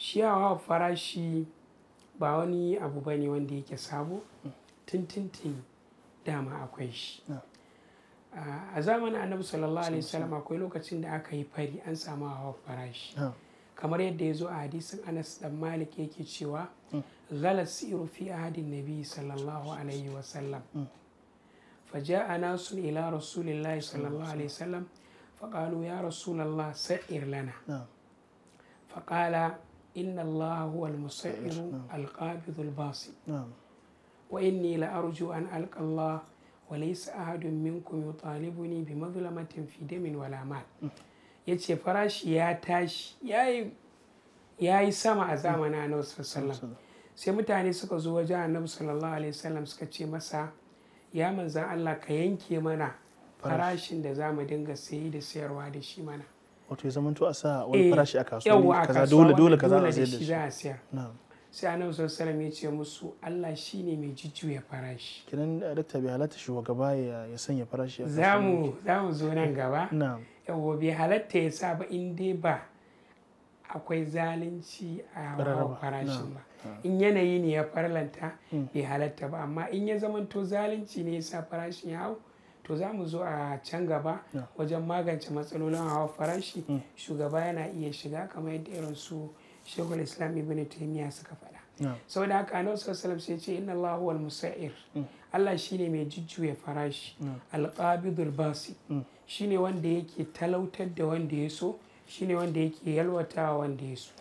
shi farashi ba wani abu bane wanda yake sabo tuntuntun dama akwai shi a zamanin annabi sallallahu alaihi wasallam akwai lokacin da aka yi fari an samu hawa farashi kamar yadda ya zo a hadisin anas dan malik yake cewa ghalat siru fi ahadin nabi sallallahu alaihi wasallam faja'a nasu ila rasulillahi sallallahu alaihi wasallam faqalu ya فقالوا sa'ir lana faqala inna allaha huwa al-musayyiru al-qabidhu al-basi wa inni la arju an alqa allah wa laysa ahadun minkum yutalibuni bi madlamatin fi damin wala mal yace farashi ya tashi yayi yayi sama a zamani annabi sallallahu alaihi sai mutane suka zo wajen annabi sallallahu alaihi suka ce masa ya manzan Allah ka yanke mana farashin da za mu dinga sayi da sayarwa da shi mana wato ya zamanto a sa wani eh, farashi a kasuwa a kasuwa dole kaza a sayar da shi sai nan sallallahu ya ce musu Allah shi ne mai jujjuya farashi kinan eh, dakta bai halatta gaba ya sanya farashi a zamu mu zo nan gaba yawa bai halatta ya sa ba in dai ba akwai zalunci a farashin ba in yanayi ne ya farlanta hmm. bai halatta ba amma in ya zamanto zalunci ne ya sa farashin ya hau to za mu zo a can gaba wajen magance matsalolin hawa farashi shugaba yana iya shiga kamar yadda irin su shekul islam ibn taimiyya suka faɗa sau da haka annabi salam sai ce inna allahu wal musa'ir allah shine mai jujjuya farashi alqabidul basi shine wanda yake talautar da wanda ya so shine wanda yake yalwatawa wanda ya so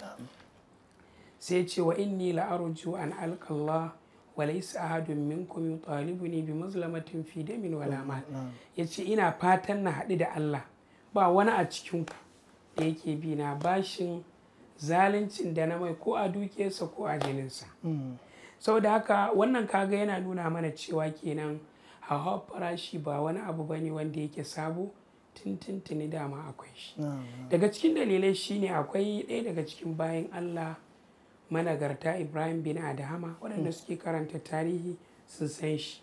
sai ce wa inni la'arju an alqallah walaysa ahadun minkum ne bi mazlamatin fi damin wala mm, mal mm. yace ina fatan na haɗu da Allah ba wani a cikin ku da yake bi na bashin zaluncin da na mai ko a dukiyarsa ko a jininsa mm. saboda haka wannan kaga yana nuna mana cewa kenan hawa farashi ba wani abu bane wanda yake sabo tuntuntuni dama akwai shi daga cikin dalilai shine akwai ɗaya daga cikin bayan Allah managarta ibrahim bin adahama waɗanda suke karanta tarihi sun san shi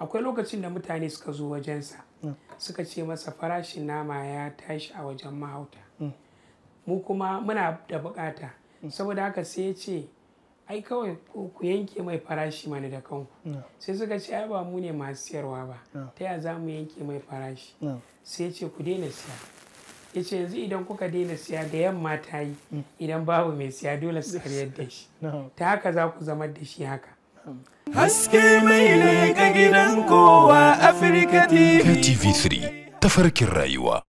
akwai lokacin da mutane suka zo wajensa suka ce masa farashin nama ya tashi a wajen mahauta mu kuma muna da bukata saboda haka sai ya ce ai kawai ku yanke mai farashi mana da kanku sai suka ce ai ba mu ne masu siyarwa ba ta ya za mu yanke mai farashi sai ya ce ku daina siya ya ce yanzu idan kuka daina siya da yamma ta yi idan babu mai siya dole su karyar da shi ta haka za ku zama da shi haka haske mai ne gidan kowa afirka tv3 farkin rayuwa